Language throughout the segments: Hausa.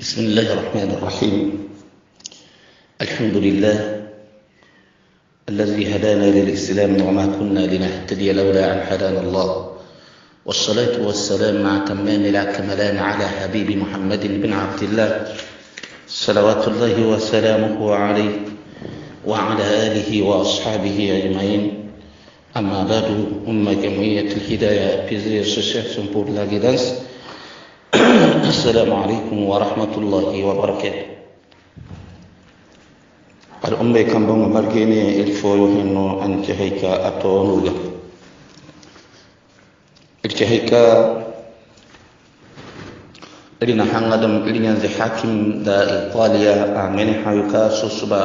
بسم الله الرحمن الرحيم الحمد لله الذي هدانا للإسلام وما كنا لنهتدي لولا أن هدانا الله والصلاة والسلام مع تمام الأكملان على حبيب محمد بن عبد الله صلوات الله وسلامه عليه وعلى آله وأصحابه أجمعين أما بعد أمة جمعية الهداية بيزير الشيخ سنبور لاجدانس السلام عليكم ورحمة الله وبركاته قال أمي كم بم مرجيني الفوي هنا أن تهيكا أتونوجا التهيكا لنا حنغدم لنا ذي حاكم دا إيطاليا آمين حيوكا سوسبا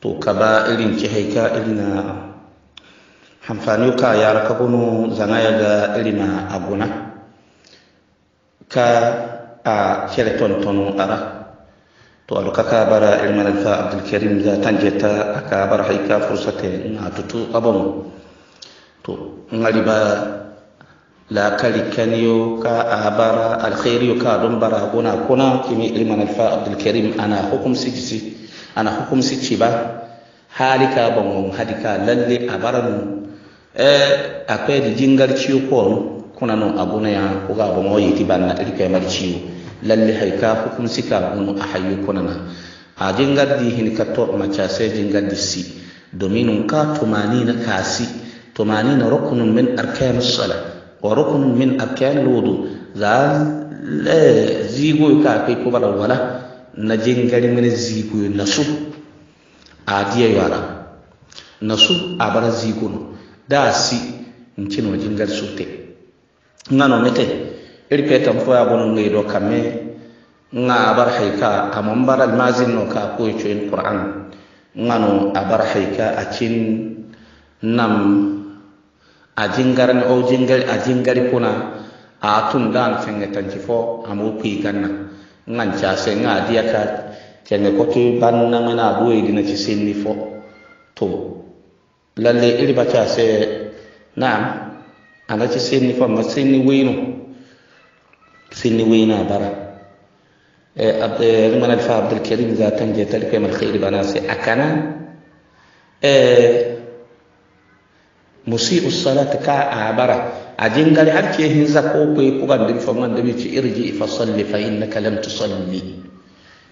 تو كبا إلين تهيكا إلنا حنفانيوكا يا ركبونو زنايا دا إلنا أبونا ka a kele ton tonu ara to alu kaka bara ilman alfa abdulkarim za ta aka bara haika fursate na tutu abon to ngaliba la kali kaniyo ka abara alkhairiyo ka don bara gona kuna kimi ilman alfa abdulkarim ana hukum sijisi ana hukum sijci ba halika bon hadika lalle abaran eh akwai da jingar ciyo ko kuna nun abuna ya kuga ba moyi ti ban na irka mar ciwo lalle haika hukum sika bunu a hayu kuna na a di hin ka to macha sai di si domin ka tumani na kasi tumani na rukunun min arkan sala wa rukunun min arkan wudu za zigo ka kai ko bala wala na jingari min zigo na su a diya yara na su a bar zigo da si in cin wajen gar sote ngano mete irpe tam fo ya bonu ngai do kamme nga abar hayka amon baral mazin no ka ko cho in qur'an ngano abar hayka acin nam ajingarani o jingari ajingari kuna tun dan fenge tanci fo amu pi ganna ngan cha se nga dia ka tenge ko tu ban na mana buwe dina ci sinni fo to lalle irba cha se na'am alaci senni famma senni weyno senni weina bara e, e, mana fa karim za tan je tali koyemal heyri bana se a kana musiu salata ka a bara a har ke za ko koye da bi ci irji fa salli fa innaka lam tusalli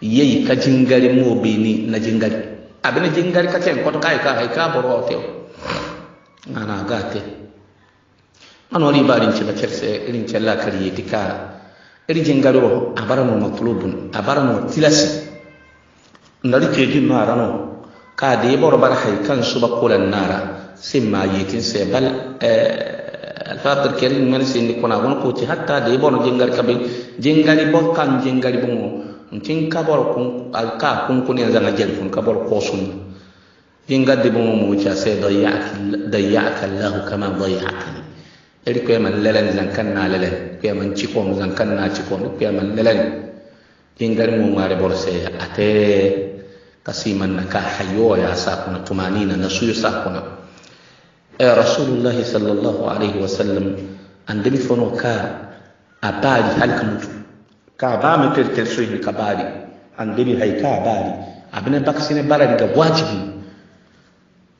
Yai ka jingari mo bini na jingari abin jingari ka ko to kai ka hay ka boro o tew ana te. anori barin ci bacerse irin cella kariye tika iri jingaro abarano matlubun abarano tilasi ndari keji no arano ka de bor bar hay kan suba kulan nara ma yi kin se bal eh, alfatir kerin man sin ni kuna gon ko ci hatta de bor jingar kabe jingari bo kan jingari bon ntin ka bor kun al ka kun kun yan zanga jel kun ka bor ko sun jingar sai da yi ci se dayya dayya kallahu kama dayyatana eri kuya man lelen zankan na lelen kuya man cikon ko zankan na cikon ko ko man lelen kingar mu mare borse ate kasiman na ka hayo ya sa kuna tumanina na suyu sa kuna eh rasulullahi sallallahu alaihi wasallam andimi fono ka abali halka mutu ka ba mu tertel ni ka bari andimi hay ka bari abin baksine baran ga wajibi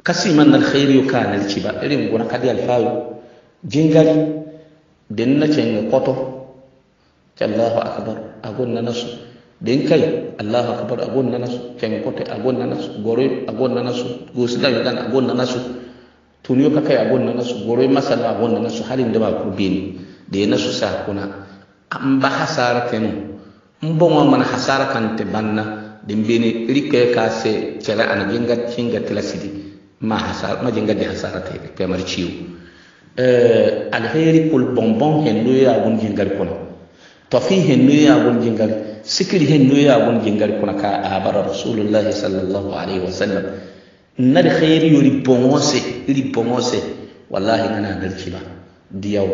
kasiman na alkhairi ka nalci ba irin gona kadi alfayu jingari din na cenga koto allahu akbar agon na nasu din kai allahu akbar agon na nasu cenga kwato agon na nasu gore agon na nasu da yadda agon na nasu tuniyo ka kai agon na nasu gore masala agon na nasu halin da ba kurbeni da ya nasu sa kuna an ba hasara kenu n bõngo mana hasara kan banna bãnna dẽn ne rɩkɛ ka se kɛra ana jẽnga jingar tɩ la sɩdi ma jingar da hasara ta yi kamar ciwo. Eh, alheri kul bonbon hendu yagun jingal kuna tofi hendu yagun jingal sikiri hendu yagun jingal kuna ka abara rasulullahi sallallahu alaihi wasallam nadi khairi yori bongose iri bongose wallahi nana ba diyaw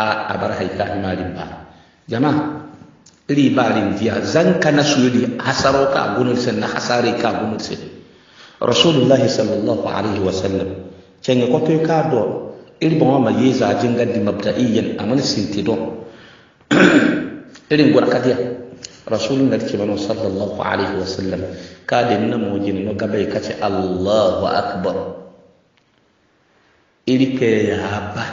a abara hayka himarin ba jama iri ba barin diya zanka na suyudi hasaro ka gunul sen na hasare ka gunul sen rasulullahi sallallahu alaihi wasallam cenge ko to ka do irin wa ma yeza jinga di mabda'iyan aman sintido irin gura kadiya rasulun da ke manu sallallahu alaihi wa wasallam ka da nuna mojin no gaba ya kace allahu akbar iri ke ya ba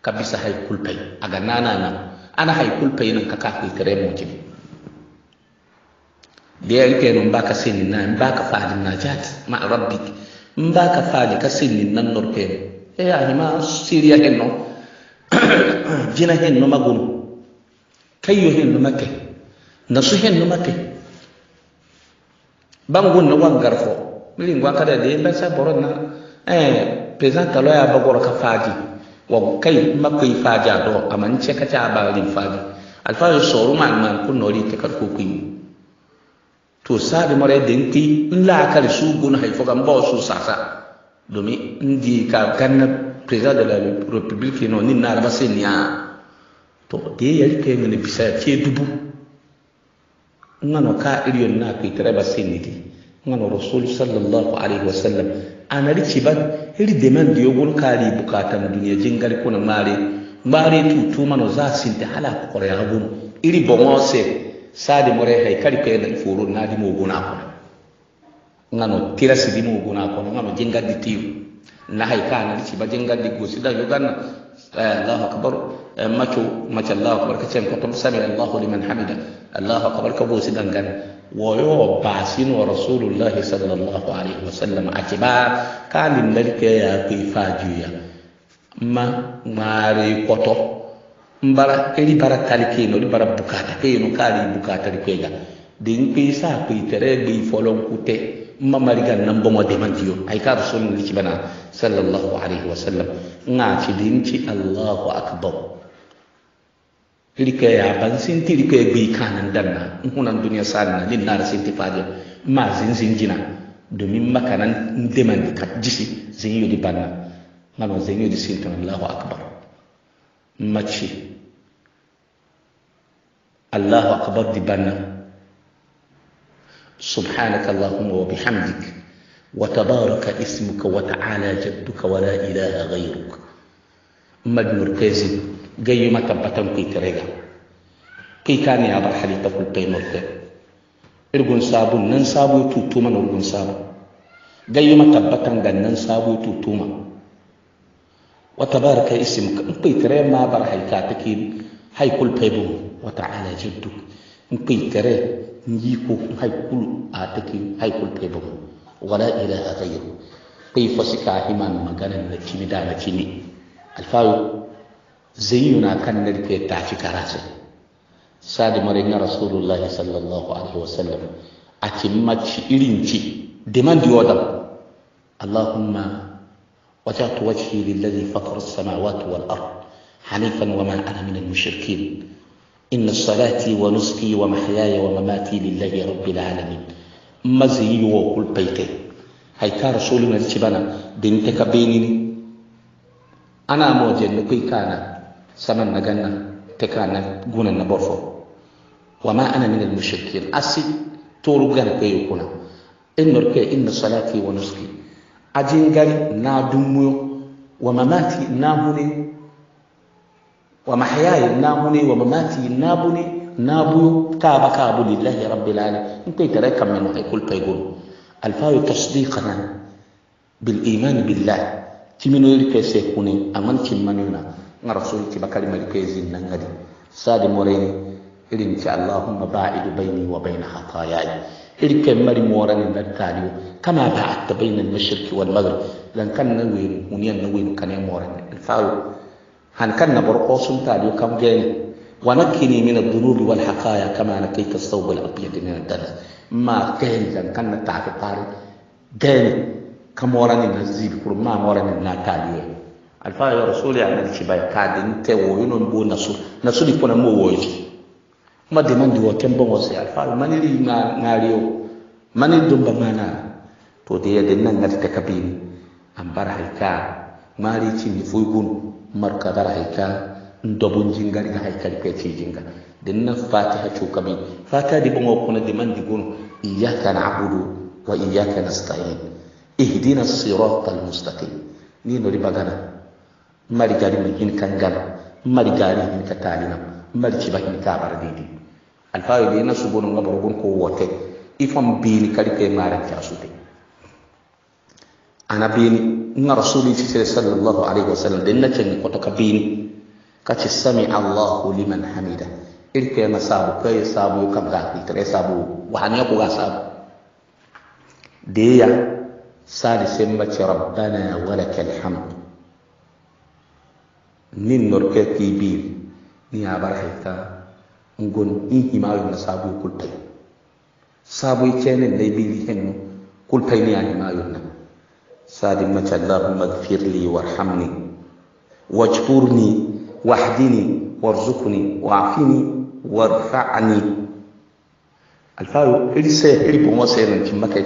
ka bisa haikul pai a ga nana na ana haikul pai nan ka kai kare mojin da ya rike nun baka sinin na in baka fadin najat ma rabbi in baka fadi ka sinin nan nurfe e eh, ahima siriya hen no jina hen no magono kayyo hen no makke nasu hen no makke bangun no wangar fo milin gwa kada de ba sa boron na eh pesan talo ya bagoro ka faji wa kai makai faji do aman ce ka ta ba lin faji alfaji soru man man kun nori ta kar ko kun to sa de mare den ti la kar su gun haifo kan su sasa domin indi ka ganna president de la republique no ni na araba sen ya to de ya ke ngene bisa ce dubu ngano ka iriyon na ke tare ba se ni ngano rasul sallallahu alaihi wasallam anari ci ba iri demand yo gol kali bukatan duniya jingar kuna mare mare tutu mano za sin ta hala ko ya iri bongo se sadi more hay kali ko en furu na di mo gona ko ngano tira sidimu guna kono ngano jenga ditiyo na haika na rici ba jenga diggo sida yoganna eh, allahu akbar eh, macho macho allahu akbar kace ko to sami allahu liman hamida allahu akbar ka bo sidan gan woyo ba sino rasulullahi sallallahu alaihi wasallam akiba kalin narke ya kai fajiya ma mare koto mbara eri bara talike no ri bara bukata ke no kali bukata ri kwega din kai sa kai tere bi folon kute mamarigan nan bon wade man diyo ay ka rasulun liki bana sallallahu alaihi wa sallam nga ci dinci allahu akbar lika ya ban sin ti lika ya bi kanan danna hunan duniya sarina lin nar sin ti faje ma zin zin jina domin makanan deman ka jisi zin yodi banna mama zin yodi sin to allahu akbar ci allahu akbar di banna سبحانك اللهم وبحمدك وتبارك اسمك وتعالى جدك ولا إله غيرك مجنور كيزي جاي ما تبتن كي ترجع كي كان يا بر تقول كي إرجون سابو نن سابو توتوما نرجون سابو جاي ما تبتن جن نن سابو توتوما وتبارك اسمك كي ترى ما بر كاتكين هاي كل بيبو وتعالى جدك كي ترى نجيكو هاي كل آتكي هاي كل تيبو ولا إله غيره كيف فسكا همان مغانا نتيم دانا تيني الفاو زينا كان نركي تعفي كراسي سادي مرينا رسول الله صلى الله عليه وسلم أتمت إرنتي دمان ديوضب اللهم وجعت وجهي للذي فطر السماوات والأرض حنيفا وما أنا من المشركين inna salati wa nusuki wa mahayaya wa mamati lillahi rabbil alamin mazi yi wa kulfaita hay ka rasulu na ci bana din ta ka beni ana mo jenni kai kana sanan na ganna ta kana gunan na borfo wa ma ana min gana salati ajin gari na wa mamati na ومحياي نابني ومماتي نابني نابو كاب كاب لله رب العالمين انت تراك من كل تقول الفاو تصديقنا بالإيمان بالله تمنو يركي سيكوني امن تمنونا نرسول تبكالي ملكي زينا غدي سادي موريني إرنك اللهم باعد بيني وبين خطاياي إلك مري موران النتاليو كما بعدت بين المشرق والمغرب لأن كان نوين ونيان نوين كان موران الفاو han na barko sun tali kam gani wa nakini min ad-dhunub wal haqaya kama nakayta as-sawb al-abyad min ad-danas ma gani dan kan na tafi tari gani kamora ni nazibi kur ma mora ni na tali alfa ya rasuli an al-shibai kadin te wo yuno bo nasu nasu di kona mo wo ma de man di wo kembo wo se alfa maniri na ngariyo maniri dumba mana to de ya de nan ngati takabini ambara halka mari cindi foy gunu marka gara hayka ndobun jingari ga haykari kwe ci jinga dinna fatiha cukabi fatiha di bungo kuna di man di gunu iyyaka na'budu wa iyyaka nasta'in ihdina sirata almustaqim ni no riba gana mari gari min hin kan gana mari gari hin ka talina mari ci ba ka bar didi alfa'i di na subunu ngabar gun ko wote ifan bi ni kali kay maran ta su Ana anabini nga rasuli fifire sallallahu alaihi wasallam den na cengi koto ka bini kace sami allahu liman hamida irke na sabu kai sabu kam ga kitre sabu wahani ko ga sabu ya. sadi semba ce rabbana walakal hamd nin norke ki bi ni abar haita ngon in himayu na sabu kultai sabu ce ne bi hen kultai ni ya mayun na sadi macha allahumma ighfir warhamni wajburni wahdini warzuqni wa'fini warfa'ni alfaru ili se ili bomo se nan kin makai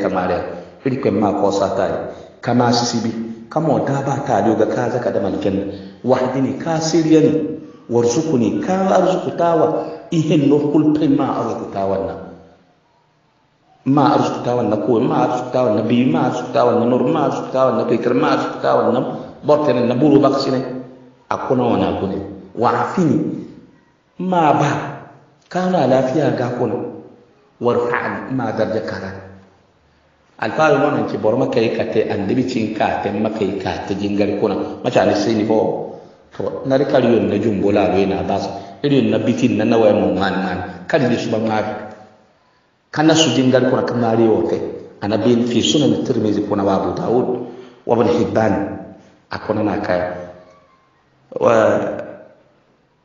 ili kwen ma ko sa tai kama sisibi kama da ba ta lo ga ka zaka da malikan wahdini ka siriyani warzuqni ka arzuqtawa ihin no kul pema arzuqtawa wannan ma arzutawan na kowe ma arzutawan na biyu ma arzutawan na nuru ma arzutawan na kaikar ma arzutawan na bortene na buru baksine akuna wana kune wa afini ma ba kana lafiya ga kuna warfa'an ma darja kara alfaru wannan ki bor maka yi kate annabi cin ka te maka yi ka te jingar kuna mata ne sai ni fo to na rikariyon na jumbola loina ba su irin na bitin na nawayen mun mani man kadi su ba ma kana sujingar kura kamari wote anabin fi sunan tirmizi kuna wa abu daud wa ibn hibban akona nakaya wa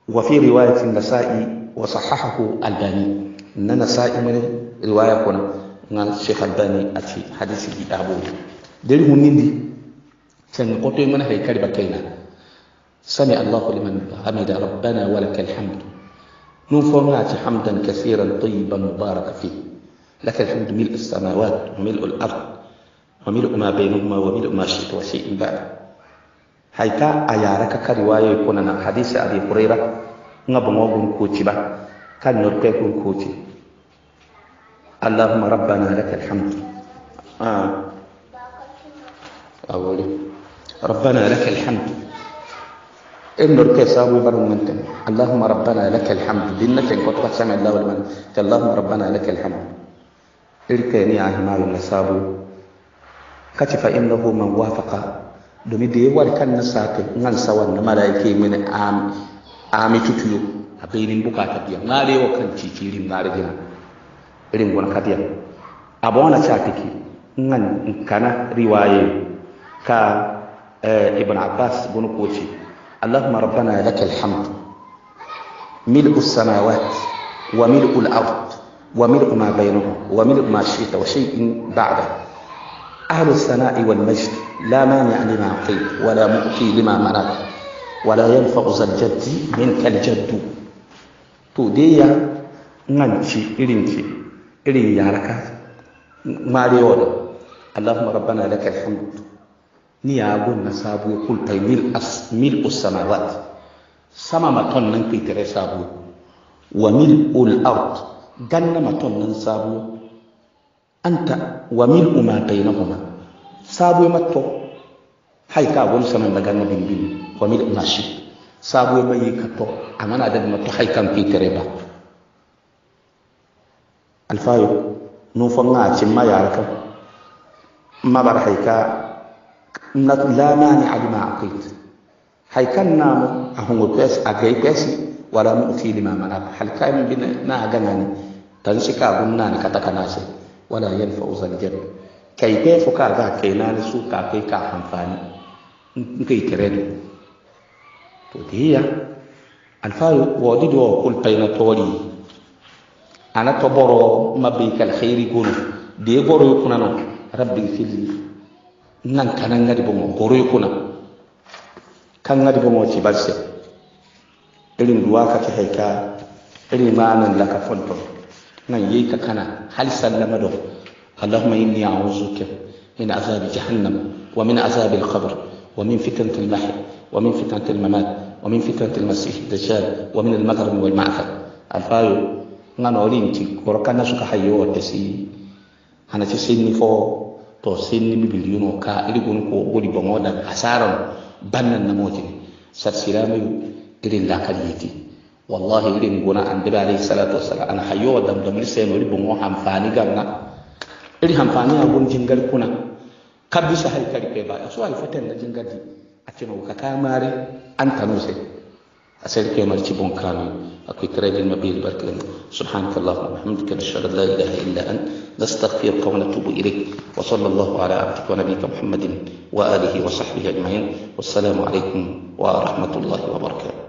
wa fi riwayat an-nasa'i wa sahahahu albani na nasa'i min riwaya kuna ngal sheikh albani a ati hadisi bi abu dari hunindi sen ko to mana hay kari bakaina sami allahu liman hamida rabbana wa lakal hamd nun fo ngati hamdan kaseeran tayyiban mubarakan fihi لك الحمد ملء السماوات وملء الأرض وملء ما بينهما وملء ما شئت وشيء بعد حيث أيارك كرواية يكون أنا حديث أبي هريرة نبغوغن كوتشبا كان نرقيكم كوتشي اللهم ربنا لك الحمد آه. أولي ربنا لك الحمد إن نرقي سابو برهم أنت اللهم ربنا لك الحمد دينك إن كنت سمع الله والمن اللهم ربنا لك الحمد ni a himalun na sabu kaci ci fa’in na man wafaka domin da yawar kan na sata nan sawan na yake mini ami tutuyo a bainin bukata biya na da yawa kan rin na rigina irin gwan kadiya abu wani ci a tiki nan kana riwaye ka eh, ibn abbas bin koci allahumma rabbana lakal hamd mil'u samawat wa mil'u al-ard وملء ما بينه وملء ما شئت وشيء بعده أهل الثناء والمجد لا مانع لما أعطيت ولا مؤتي لما منعت ولا ينفع ذا الجد منك الجد تودي نانشي إرينشي إرين يارك ما ليون اللهم ربنا لك الحمد ني أقول نسابو يقول تي ملء السماوات سما ما تنن كي ترسابو وملء الأرض ganna maton nan sabo anta wa mil uma bainahuma sabo matto hay ka gon sanan da ganna bin bin wa mil uma shi sabo mai ka to amana da matto hay kan fitere ba alfayo no fanga cin ma yara kan ma bar hay ka la mani alima aqit hay kan namu a hungo pes a pesi wala nu'ti lima mana halka min bin na gana ni tan ka gunna ni kata kana sai wala yan yanfa uzal jar kai kai fuka ga kai na su ka kai ka amfani in kai tirani to diya alfaru wodi do kul payna tori ana to boro mabbi kal khairi gono de boro kuna no rabbi filli nan kanan ngadi bomo boro kuna kan ngadi bomo ci balse irin ruwa ka ci haika irin manan nan laka fonto nan yi ka kana hal sallama do allahumma inni a'udhuka min azabi jahannam wa min azabi al-qabr wa min fitnati al-mahya wa min fitnati al-mamat wa min fitnati al-masih ad-dajjal wa min al-maghrib wal ma'far alfayo ngano orinti korokana suka hayo si ana ci sinni fo to sinni bibili yuno ka iligun ko goli bongoda asaran bannan namoti sat siramayu إلين لكن والله إلين غنا عند بعد عليه الصلاة أنا حيو دم دم لسه نوري بمو هم فاني قمنا إلين هم فاني أبون جنجر كنا كبس هاي كاري بيبا أسوأ الفتن جنجر دي أتينا وكاكا ماري أنت نوسي أسأل كيما تشيبون كامل أكو تريد المبيل بركلم سبحانك اللهم وبحمدك نشهد أن لا إله إلا أنت نستغفرك ونتوب إليك وصلى الله على عبدك ونبيك محمد وآله وصحبه أجمعين والسلام عليكم ورحمة الله وبركاته